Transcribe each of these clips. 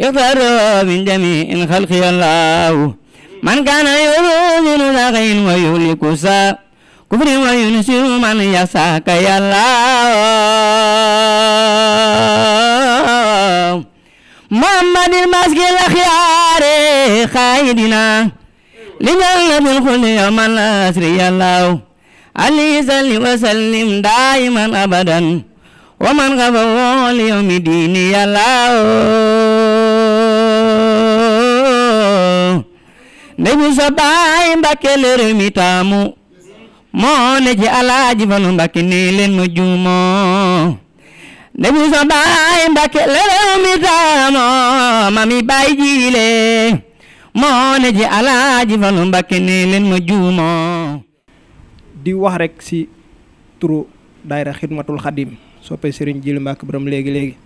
يغفر من جميع خلقه الله من كان يؤمن لغين ويهلك سا كفر وينسر من يساك يا الله محمد المسك الأخيار خايدنا لجنة الخلد يوم الأسر يا الله عليه صل وسلم دائما أبدا ومن غفر ليوم الدين يا الله ndeyu sa baay Mbàkke leer taamu moo ne ci alaaji Fallu Mbàkke nii leen ma juumoo mami baay jiile moo ne ci alaaji Fallu Mbàkke nii leen ma juumoo di wax rek si turu daayira xidmatul xadim soppe sëriñ Jili Mbàkke borom léegi léegi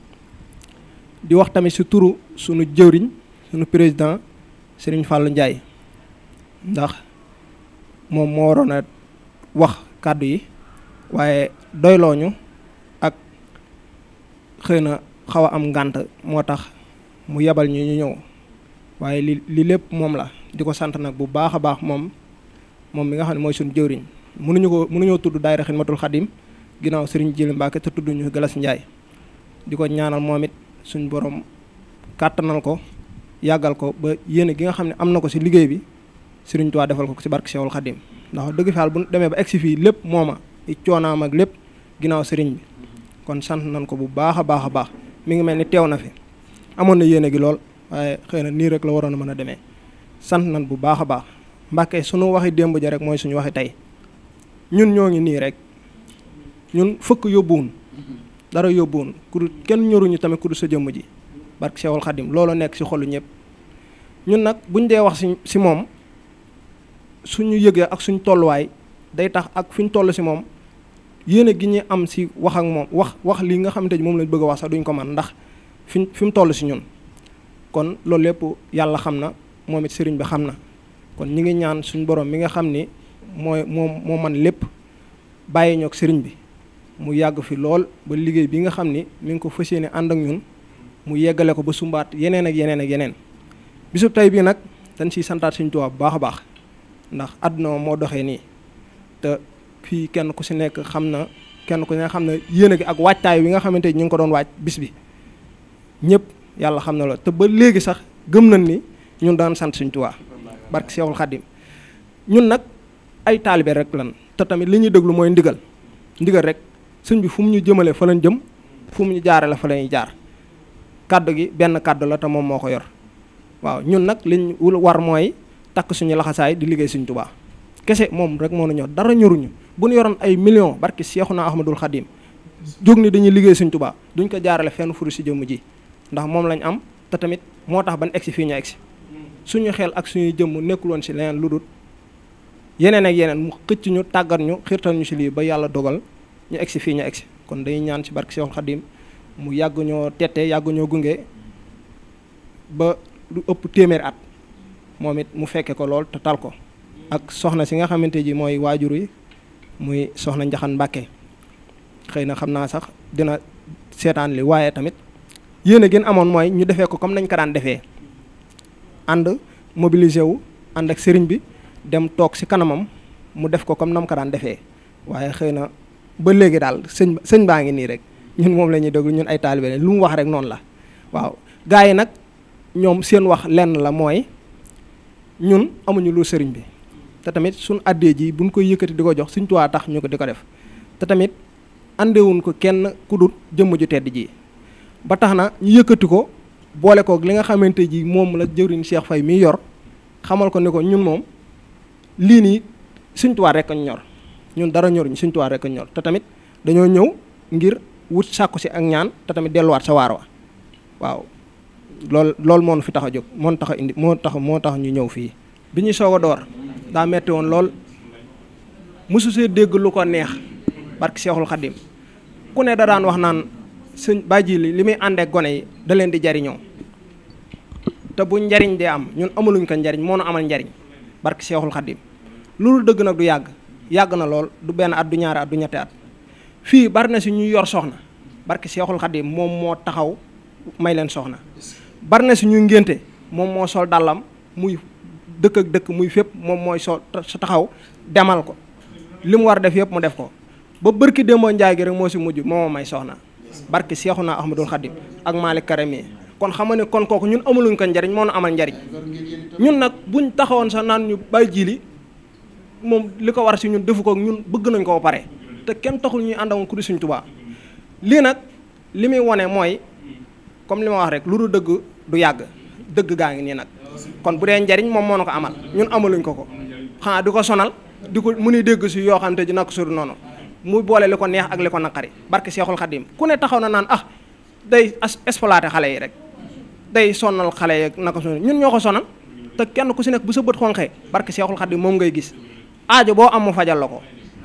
di wax tamit ci turu sunu jëwriñ sunu président sëriñ Fallou Ndiaye ndax moom moo waroon a wax kàddu yi waaye doylooñu ak xëy na xaw a am ngànt moo tax mu yebal ñu ñu ñëw waaye li li lépp moom la di ko sant nag bu baax a baax moom moom mi nga xam ne mooy suñu jëwriñ mënuñu ko mënuñoo tudd daayira Xidmatul Xadim ginnaaw Serigne Jili Mbacke te tudd ñu Galas Njaay di ko ñaanal moom it suñu borom kàttanal ko yàggal ko ba yéene gi nga xam ne am na ko ci liggéey bi Sëriñ Tuubaa defal ko ci barke Seexul Xadim ndax dëgg faal bu demee ba egsi fii lépp mooma i coonaam ak lépp ginnaaw sëriñ bi kon sant nañ ko bu baax a baax a baax mi ngi mel ni teew na fi amoon na yéene gi lool waaye xëy na nii rek la waroon a mën a demee sant nañ bu baax a baax Mbàkke suñu waxi démb ja rek mooy suñu waxi tey ñun ñoo ngi nii rek ñun fukk yóbbuwun dara yóbbuwun ku kenn ñoruñu tamit ku du sa jëmm ji barke Seexul Xadim loolu nekk ci xolu ñëpp ñun nag buñ dee wax ci ci moom ñu yëgee ak suñu tolluwaay day tax ak fi ñu toll si moom yéene gi ñu am si wax ak moom wax wax lii nga xamante ni moom lañ bëgg wax sax duñ ko man ndax fi fi mu toll si ñun kon loolu lépp yàlla xam na moom it sëriñ bi xam na kon ñi ngi ñaan suñu borom mi nga xam ni mooy moom moo man lépp bàyyi ñoog sëriñ bi mu yàgg fi lool ba liggéey bi nga xam ni mi ngi ko fas yéene ànd ak ñun mu yeggale ko ba sumbaat yeneen ak yeneen ak yeneen bisub tey bii nag dañ si santaat suñu Tuubaa bu baax a baax ndax àdduna moo doxee nii te fii kenn ku si nekk xam na kenn ku si nekk xam na yéene gi ak waajtaay wi nga xamante ni ñu ngi ko doon waaj bis bi ñëpp yàlla xam na la te ba léegi sax gëm nañ ni ñun daan sant suñ Tuubaa barke Seexul Xaddim ñun nag ay taalibe rek lan te tamit li ñuy déglu mooy ndigal ndigal rek suñ bi fu mu ñu jëmale fa lañ jëm fu mu ñu jaare la fa lañuy jaar kàddu gi benn kàddu la te moom moo ko yor waaw ñun nag liñ war mooy takk suñu laxasaay di liggéey suñ tubaa kese moom rek moo na ñor dara ñoruñu bu ñu yoroon ay millions barki Seexuna Ahmadul Xadim jóg ni dañuy liggéey suñ tubaa duñ ko jaarale fenn furu si jëmm ji ndax moom lañu am te tamit moo tax ban egsi fii ñu egsi suñu xel ak suñuy jëmm nekkul woon si leneen lu dul yeneen ak yeneen mu xëcc ñu tàggat ñu xirtal ñu si lii ba yàlla dogal ñu egsi fii ñu egsi kon day ñaan si barki Seexul Xadim mu yàgg ñoo tette yàgg ñoo gunge at moom it mu fekke ko lool te tal ko ak soxna si nga xamante ji mooy waajur yi muy soxna njaxan mbàkke xëy na xam naa sax dina seetaan li waaye tamit yéen a gën amoon mooy ñu defee ko comme nañ ko daan defee ànd mobiliser wu ànd ak sëriñ bi dem toog si kanamam mu def ko comme nam ko daan defee waaye xëy na ba léegi daal sëñ sëñ baa ngi nii rek ñun moom la ñuy déglu ñun ay taalibe lu mu wax rek noonu la waaw gaa yi nag ñoom seen wax lenn la mooy ñun amuñu lu sëriñ bi te tamit suñ addee ji buñ koy yëkkati di ko jox suñ tuwaa tax ñu ko di ko def te tamit àndewuñ ko kenn ku dul jëmm ju tedd ji ba tax na ñu yëkkati ko boole kook li nga xamante ji moom la jëwriñ Cheikh fay mi yor xamal ko ne ko ñun moom lii nii suñ tuwaa rek ñor ñun dara ñoruñ suñ tuwaa rek ñor te tamit dañoo ñëw ngir wut sàkku si ak ñaan te tamit delluwaat sa waar wa waaw lool loolu moo fi tax a jóg moo tax indi moo tax moo tax ñu ñëw fii bi ñuy soog a door daa metti woon lool mosu see dégg lu ko neex barke Seexul Xadim ku ne da daan wax naan sëñ bàjji li li muy àndee gone yi da leen di jariñoo te bu njariñ dee am ñun amaluñ ko njariñ moo nu amal njariñ barke Seexul Xadim loolu dëgg nag du yàgg yàgg na lool du benn at du ñaari at du ñetti at fii bari na si ñu yor soxna barke Seexul Xadim moom moo taxaw may leen soxna bari na suñu ngénte moom moo sol dàllam muy dëkk ak dëkk muy fépp moom mooy so sa taxaw demal ko li mu war def yëpp mu def ko ba barki démboo njaay gi rek moo si mujj moo may soxna barki Seexuna Ahmadul Xadim ak Malick Karame kon xam ne kon kooku ñun amaluñ ko njariñ moo nu amal njariñ ñun nag buñ taxawoon sax naan ñu bàyyi jili moom li ko war si ñun defu ko ñun bëgg nañ ko ba pare te kenn taxul ñuy àndawoon ku di suñ tubaa lii nag li muy wone mooy comme li ma wax rek lu dul dëgg du yàgg dëgg gaa ngi nii nag kon bu dee njariñ moom moo na ko amal ñun amaluñ ko ko xanaa di ko sonal di ko mu ni dégg si yoo xam te ji nak sur noonu mu boole li ko neex ak li ko naqari barke Seexul Xadim ku ne taxaw na naan ah day exploité xale yi rek day sonal xale yeeg naka suñu ñun ñoo ko sonal te kenn ku si nekk bu sa bët xonqee barke Seexul Xadim moom ngay gis aajo boo am mu fajal la ko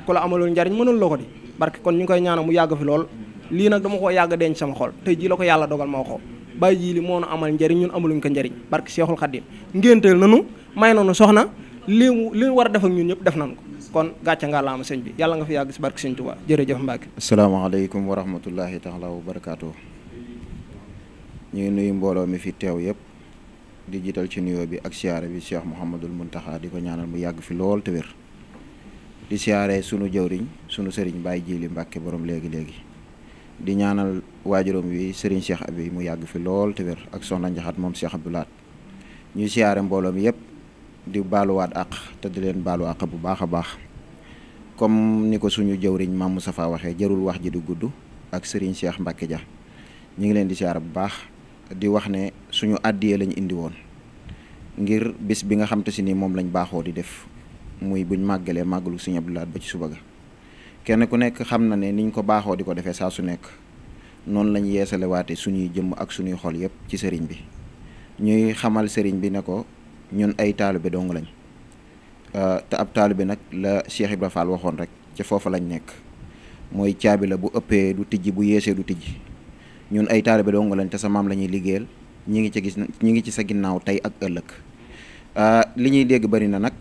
ku la amaloon njariñ mënul la ko di barke kon ñu ngi koy ñaanal mu yàgg fi lool lii nag dama koo yàgg a denc sama xol tey jii la ko yàlla dogal ma ko bàyyi jii li moo nu amal njariñ ñun amaluñ ko njariñ barke Seexul Xaddim ngénteel nanu may nanu soxna li li war def ak ñun ñëpp def nañ ko kon gàcce nga laama sëñ bi yàlla nga fi yàgg si barke sëñ Tuubaa jërëjëf Mbacke asalaamaaleykum wa rahmatullahi taala wa barakaatu ñu ngi nuyu mbooloo mi fi teew yëpp di jiital ci nuyoo bi ak siyaare bi Cheikh Mouhamadul Muntaxa di ko ñaanal mu yàgg fi lool te wér di siyaare sunu jëwriñ sunu sëriñ Baye Jili Mbacke borom léegi-léegi di ñaanal waajuram wi Serigne Cheikh Abi mu yàgg fi lool te wér ak soxna Njaxat moom Cheikh Abdou Lahat ñuy siyaare mbooloo mi yëpp di baaluwaat àq te di leen baalu àq bu baax a baax comme ni ko suñu jëwriñ Mame Moustapha waxee jarul wax ji di gudd ak sëriñ Cheikh Mbacke Dia ñu ngi leen di siyaare bu baax di wax ne suñu àddiyee lañu indi woon ngir bis bi nga xam te si ni moom lañ baaxoo di def muy buñ màggalee màggalu Serigne Abdou Lahat ba ci suba ga kenn ku nekk xam na ne niñ ko baaxoo di ko defee saa su nekk noonu lañ yeesalewaate suñuy jëmm ak suñuy xol yépp ci sëriñ bi ñuy xamal sëriñ bi ne ko ñun ay taalibe dong lañ euh, te ab taalibe nag la Cheikh Ibra waxoon rek ca foofa lañ nekk mooy caabi bu ëppee du tijji bu yeesee du tijji ñun ay taalibe dong lañ te sa maam la ñuy liggéeyal ñi ngi ci gis ñi ngi ci sa ginnaaw tey ak ëllëg euh, li ñuy dégg bari na nag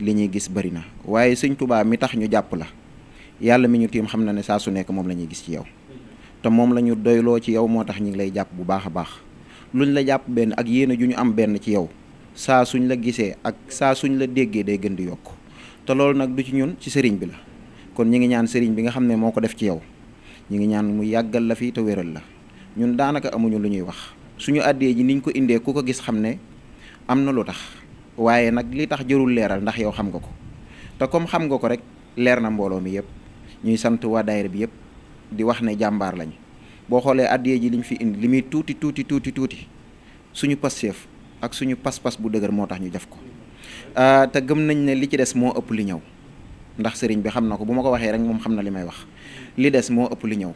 li ñuy gis bari na waaye sëñ Tuubaa mi tax ñu jàpp la yàlla mi ñu tiim xam na ne saa su nekk moom lañuy gis ci yow te moom la ñu doyloo ci yow moo tax ñu ngi lay jàpp bu baax a baax lu ñu la jàpp benn ak yéene ju ñu am benn ci yow saa suñ la gisee ak saa suñ la déggee day gën di yokk te loolu nag du ci ñun ci sëriñ bi la kon ñi ngi ñaan sëriñ bi nga xam ne moo ko def ci yow ñi ngi ñaan mu yàggal la fi te wéral la ñun daanaka amuñu lu ñuy wax suñu àddee ji niñ ko indee ku ko gis xam ne am na lu tax waaye nag li tax jërul leeral ndax yow xam nga ko te comme xam nga ko rek leer na mbooloo mi yëpp ñuy sant waa daayira bi yëpp di wax ne jàmbaar lañu boo xoolee addiye ji liñ fi indi li muy tuuti tuuti tuuti tuuti suñu passeef ak suñu pas-pas bu dëgër moo tax ñu def ko ah, te gëm nañ ne li ci des moo ëpp li ñëw ndax sëriñ bi xam na ko bu ma ko waxee rek moom xam na li may wax li des moo ëpp li ñëw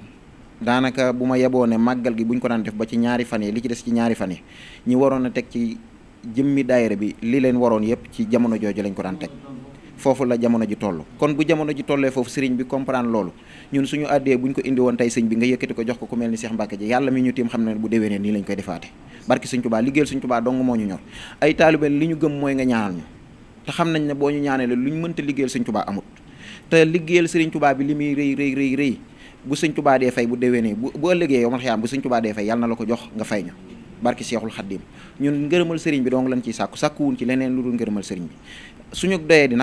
daanaka bu ma yeboon ne màggal gi buñ ko daan def ba ci ñaari fan yi li ci des ci ñaari fan yi ñu waroon a teg ci jëmmi daayira bi li leen waroon yëpp ci jamono jooju lañ ko daan teg foofu la jamono ji toll kon bu jamono ji tollee foofu sëriñ bi comprendre loolu ñun suñu àddee buñ ko indi woon tey sëñ bi nga yëkkati ko jox ko ku mel ni Cheikh Mbacke ji yàlla mi ñu tiim xam ne bu déwénee nii lañ koy defaate barki sëñ Tuubaa liggéeyal gëm mooy nga ñaanal ñu te xam nañ ne boo ñu ñaanee lu ñu mënta liggéeyal sëñ Tuubaa amut te liggéeyal sëriñ tubaa bi li muy rëy rëy rëy rëy bu sëñ Tuubaa dee fay bu déwénee bu bu ëllëgee yow ma bu sëñ tubaa dee fay yal na la ko jox nga fay ñu barki Seexul Xaddim ñun ngërëmal sëriñ bi dong lañ ciy sàkku sàkkuwun ci leneen lu dul ngërëmal sëriñ bi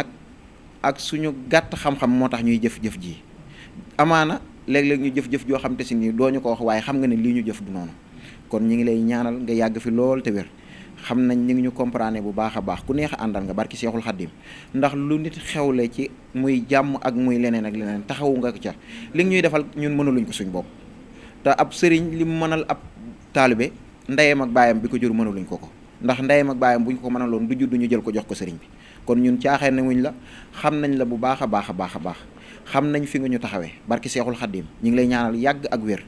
ak suñu gàtt xam-xam moo tax ñuy jëf-jëf ji amaana léeg-léeg ñu jëf-jëf joo xam te si nii doo ñu ko wax waaye xam nga ne lii ñu jëf du noonu kon ñu ngi lay ñaanal nga yàgg fi loolu te wér xam nañ ñu ngi ñu comprendre bu baax a baax ku neex a àndal nga barki seexul xaddim ndax lu nit xewle ci muy jàmm ak muy leneen ak leneen taxawu nga ca li ñuy defal ñun mënaluñ ko suñ bopp te ab sëriñ li mu mënal ab taalibe ndeyam ak baayam bi ko jur mënaluñ ko ko ndax ndeyam ak baayam buñ ko mënaloon du jur duñu jël ko jox ko sëriñ bi kon ñun caaxee wuñ la xam nañ la bu baax a baax a baax a baax xam nañ fi nga ñu taxawee barki seexul xaddim ñu ngi lay ñaanal yàgg ak wér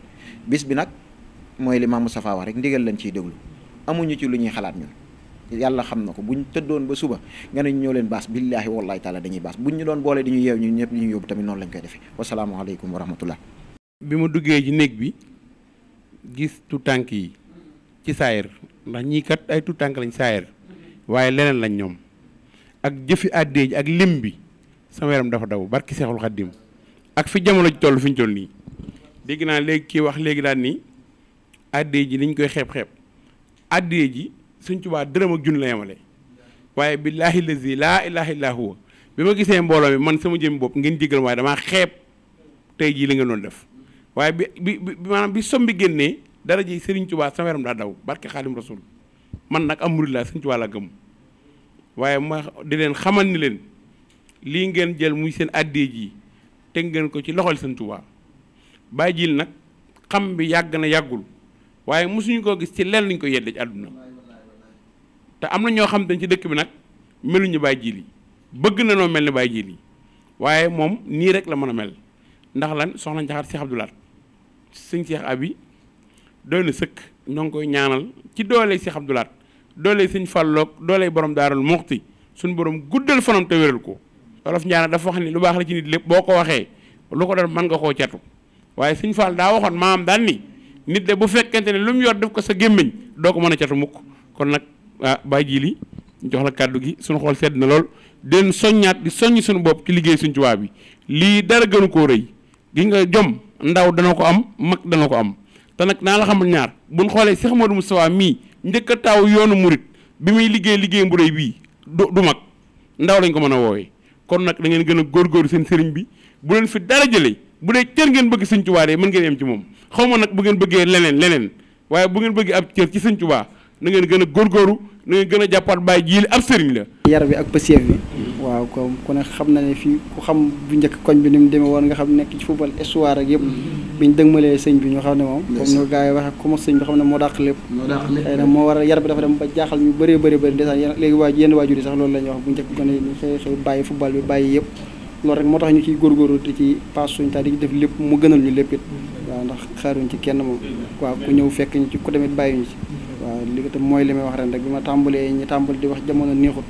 bis bi nag mooy li Maam Moustapha wax rek ndigal lañ ciy déglu amuñu ci lu ñuy xalaat ñun yàlla xam na ko bu buñ tëddoon ba suba nga ne ñu ñëw leen baas billaahi wallaahi taala dañuy baas bu ñu doon boole di ñu yeew ñun ñëpp ñu yóbbu tamit noonu lañ koy defee wasalaamaaleykum wa rahmatullah bi ma duggee ci néeg bi gis tu yi ci saayir ndax ñii kat ay tànk lañ saayir waaye leneen lañ ñoom ak jëfi àddee ji ak lim bi sama yaram dafa daw barki seexul xaddim ak fi jamono ji toll fi ñu toll nii dégg naa léegi kii wax léegi daal ni àddee ji liñ koy xeeb-xeeb àddee ji suñ tubaa dërëm ak junni la yemale waaye billaahi lazi laa ilaaha illaa bi ma gisee mbooloo mi man sama jëm bopp ngeen jéggal waaye damaa xeeb tey jii li nga doon def waaye bi bi bi maanaam bi som bi génnee dara ji Sëriñ Tubaa sama yaram daa daw barke Xaadim Rasul man nag am murid laa Sëriñ Tubaa la gëm waaye ma di leen xamal ni leen lii ngeen jël muy seen àddee ji teg ngeen ko ci loxol seen Tuubaa bàyyi jil nag xam bi yàgg na yàggul waaye mosuñu koo gis ci lenn lañ ko yedde àdduna te am na ñoo xam dañ ci dëkk bi nag meluñu bàyyi jil bëgg na noo mel ni bàyyi jil yi waaye moom nii rek la mën a mel ndax lan soxna Njaxate Seex Abdulaat sëñ Seex Abi doy na sëkk ñoo koy ñaanal ci doole Seex Abdulaat doole dooley sëñ fàlloog dooley borom daarul muxti suñ borom guddal fanam te wéral ko wolof njaana dafa wax ni lu baax la ci nit lépp boo ko waxee lu ko doon mën nga koo catu waaye sëñ Fall daa waxoon maam daan ni nit de bu fekkente ne lu yor def ko sa gémmiñ doo ko mën a catu mukk kon nag ah bàyyi ji li jox la kàddu gi suñu xool sedd na lool den soññaat di soññ suñu bopp ci liggéey suñ tubaab bi lii dara gënu koo rëy gi nga jom ndaw dana ko am mag dana ko am te nag naa la xamal ñaar buñ xoolee Cheikh Modou Moustapha mii njëkk a taaw yoonu murit bi muy liggéey liggéey bu bii du du mag ndaw lañ ko mën a woowee kon nag da ngeen gën a góor góorgóorlu seen sëriñ bi bu leen fi dara jëlee bu dee cër ngeen bëgg sëñ Tuubaa de mën ngeen yem ci moom xaw ma nag bu ngeen bëggee leneen leneen waaye bu ngeen bëggee ab cër ci sëñ Tuubaa na ngeen gën a góoru na ngeen gën a jàppaat bàyyi jiili ab sëriñ la. yar bi ak pëseef bi. waaw comme ku ne xam na ne fii ku xam bu njëkk koñ bi ni mu demee woon nga xam nekk ci football histoire ak yëpp mm-hmm. biñ dëgmalee sëñ bi ñu xam ne moom comme ñu gars yi waxee commence sëñ bi xam ne moo dàq lépp xëy na moo war a yar ñu bëree bëri bëri ndeysaan léegi waaj yenn waajur yi sax loolu moo tax ñu ciy góorgóorlu di ci paas lépp mu gënal ñu lépp it mm-hmm. waaw ndax xaaruñ ci kenn moom waaw ku ñëw fekk ñu ci ku tamit bàyyi ñu ci mm-hmm. waaw li ko tam mooy li may wax ren rek bi ma tàmbalee ñu tàmbali di wax jamono neexut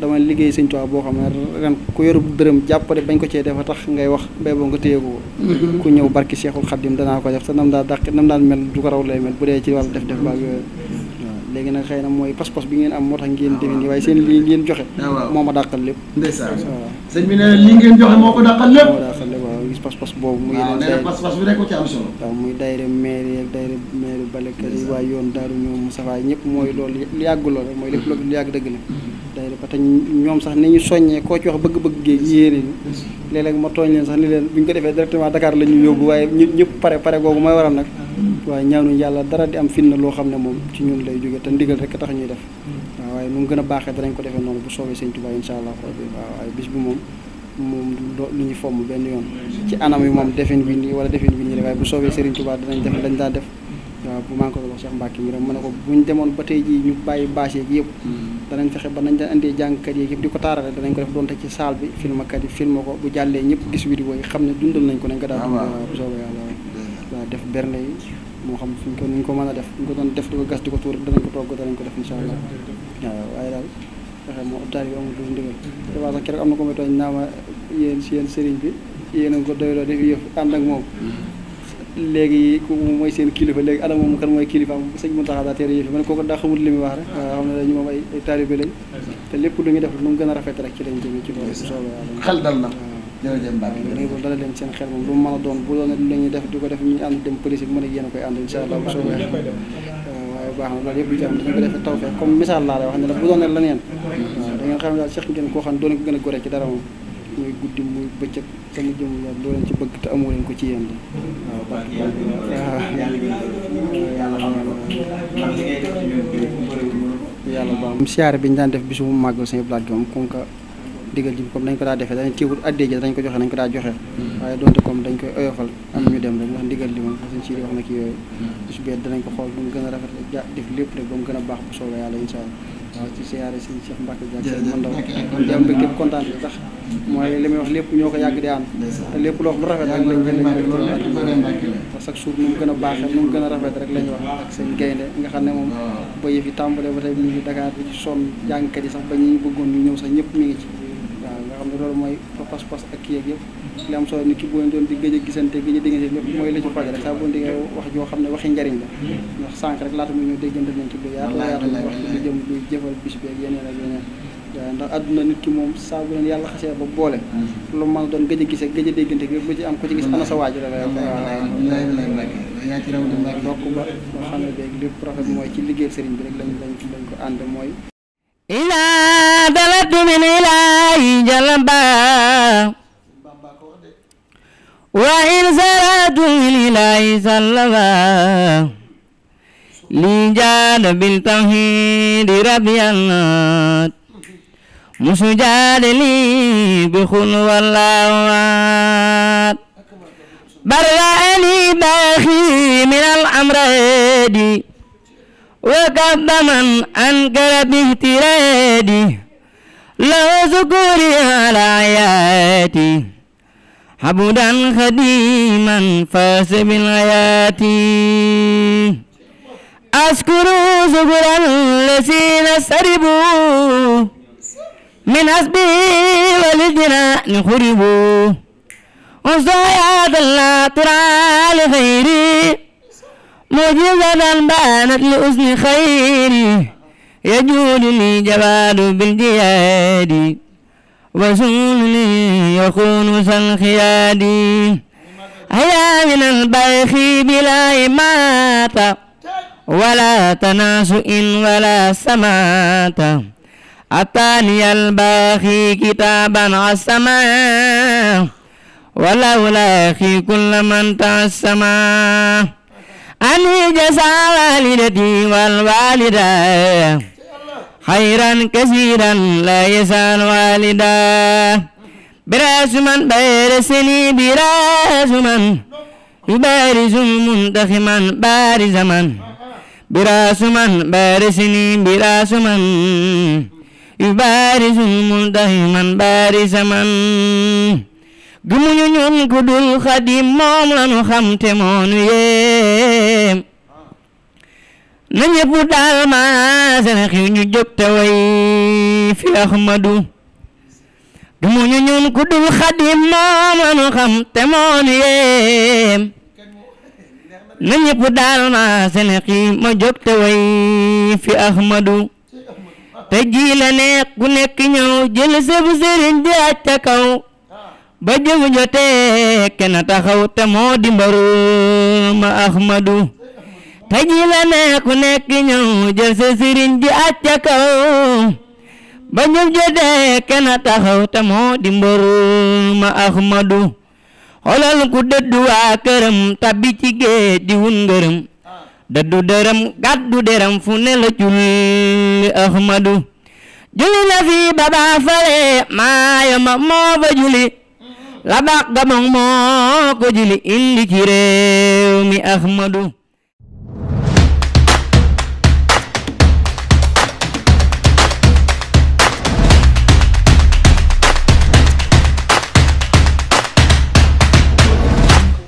dama liggéey sëñ Tuubaa boo xam ne ren ku yorub dërëm jàppale bañ ko cee a tax ngay wax bay boo nga téyeekoo mm-hmm. ku ñëw barki Seexul Xaddim danaa ko def te nam daa dàq nam daan mel du ko raw lay mel bu dee ci wàllu def def baak yooyu léegi nag xëy na mooy pas-pas bi ngeen am moo tax ngeen demee nii waaye seen lii ngeen joxe ah, moo lépp moo ko dàqal lépp moo dàqal lépp waaw gis pas boobu mu yeneen pas muy daayira maire ak daayira maire balekat yi waaye yoon daaru ñoom Moustapha ñëpp mooy loolu lu yàgg loolu rek mooy lépp loolu lu dëgg la mm-hmm. daayira ba ñoom sax ni ñu soññee koo ci wax bëgg-bëgg géej yéene ni léeg-léeg ma tooñ leen sax ni leen bu ñu ko defee directement Dakar la ñu yóbbu waaye ñu ñëpp pare pare googu mooy waral nag waaye ñaanuñ yàlla dara di am fitna loo xam ne moom ci ñun lay jóge te ndigal rek tax ñuy def waaye nu gën a baaxee danañ ko defee noonu bu soobee Sëñ Tuubaa insha allah rabbi waaw waaye bis bi moom moom lu ñu fomm benn yoon ci anam yi moom defin bi nii wala defin bi nii waaye bu soobee Serigne danañ def lañ daan def waaw bu maa ngi ko wax Cheikh ne ko buñ demoon ba tey jii ñu bàyyi bâche yëpp danañ fexe ba nañ da indee jàngkat yi yëpp di ko taarale danañ ko def donte ci saal bi filmkat yi film ko bu jàllee ñëpp gis vidéo yi xam ne dundal nañ ko nañ ko daal ah, bu soobee yàlla waaw def moo xam suñ ko nuñ ko mën a def ñu ko doon def di ko gas di ko tuur danañ ko togg danañ ko def incha allah waaw waaye daal fexe moo optaal yi amul lu ndigal te waa sax keroog am na ko may naa ma yéen si yéen sëriñ bi yéen a ko doyloo def yëf ànd ak moom mm-hmm. léegi ku mooy seen kilifa léegi ana moom kan mooy kilifaam sëñ Mountakha daa teere yëfi ma ne daa xamul li muy wax xam ne lépp lu ñuy def lu mu gën a rafet rek ci lañ jëmee ci na jërëjëf Mbacke jërëjëf dana leen seen xel moom lu mu def di ko def ñu ànd dem police bi la bu doon la daal Cheikh ngeen koo xam ne doon ko gën a gore ci dara moom muy guddi muy bëccëg sama jëm la loo ci amoo leen ko ci yéen waaw parce que yàlla baax na siyaare bi ñu daan def bisu màggal suñu blaat bi moom comme que digal ji comme dañ ko daa defee dañ teewul addee ji dañ ko joxe dañ ko daa joxe hmm. waaye donte comme dañ koy oyofal am ñu dem rek wax ndigal li moom suñ ci wax na ki yooyu hmm. bisu bee danañ ko xool ba mu gën a rafet ja def lépp rek ba mu gën a baax bu soobee yàlla incha allah ci siyaare si Cheikh Mbacke Diagne man ndaw di am mbégte bu kontaan li muy wax lépp ñoo ko yàgg di ànd te lépp loo xam lu rafet rek lañ lañ chaque jour nu mu gën a baaxee nu mu gën a rafet rek lañ wax ak seen gaynde nga xam ne moom ba yëf yi tàmbalee ba tey mi ngi Dakar bi ci sonn jàngkat yi sax ba ñuy bëggoon ñu ñëw sax ñëpp mi ngi ci waaw nga xam ne loolu mooy pas-pas ak kii ak yëpp li am solo nit ki boo doon di a gisante gëj a déggante lépp mooy la ci xol rek saa la ndax sànq rek laata muy ñëw déggante nañ ci lu yaatu yaatu wax ci lu jëm luy jëfal bis bi ak yeneen ak yeneen waaw mm. doon gëj a gise gëj a déggante bi ci am ku ci gis ana sa waaju la lay bokk ba loo xam ne léegi lépp rafet mooy ci liggéey sëriñ bi rek lañ lañ ko ànd mooy ilaa dalatu min ilaa yi jalaba وإن زراد الإله سلما لي جاد بالتوحيد ربيانات مسجاد لي بخن واللوات برأني باخي من الأمراض وكب من أنكر باهترادي لو ذكوري على آياتي حبدا خديما فاس بالحياة أشكر شكر الذين سربوا من حسبي ولجنان خربوا وصايا لا ترى لخيري معجزة بانت لأذن خيري يجول لي جبال بالجياد وسول يكون سالخياد هيا من البيخ بلا إماتة ولا تناسؤ ولا سماتة أتاني الباخي كتابا عسما ولولا أخي كل من تعسما أني جزا والدتي والوالدة خيرا كثيرا لا يسعن والدا براس من بارسني براس من يبارز منتخما بارز من براس من بارسني براس من يبارز منتخما بارز من gëmuñu ñun ku dul xadim moom la ñu xam te moonu yee na ñëpp daal maa seen xiw ñu jóg te way fi Ahmadu du mu ñu ñun ku dul xadim moom xam te moo ñu yem na ñëpp daal maa seen ma jóg te way fi Ahmadu te ji la ne ku nekk ñëw jël sëb sëriñ di aj kaw ba jëmu jotee kenn taxaw te moo di ma Ahmadu tey jii la ne ku nekk ñëw jël sa ji àcc kaw ba ñëw jotee kenn taxaw te moo di mbër ma Ahmadu xoolal ku dëddu waa këram tabbi ci géej di wun ngërëm dëddu dërëm gàddu dërëm fu ne la julli Ahmadu julli na fi baba fale maayo ma moo fa julli la bàq ga moo ko julli indi ci réew mi Ahmadu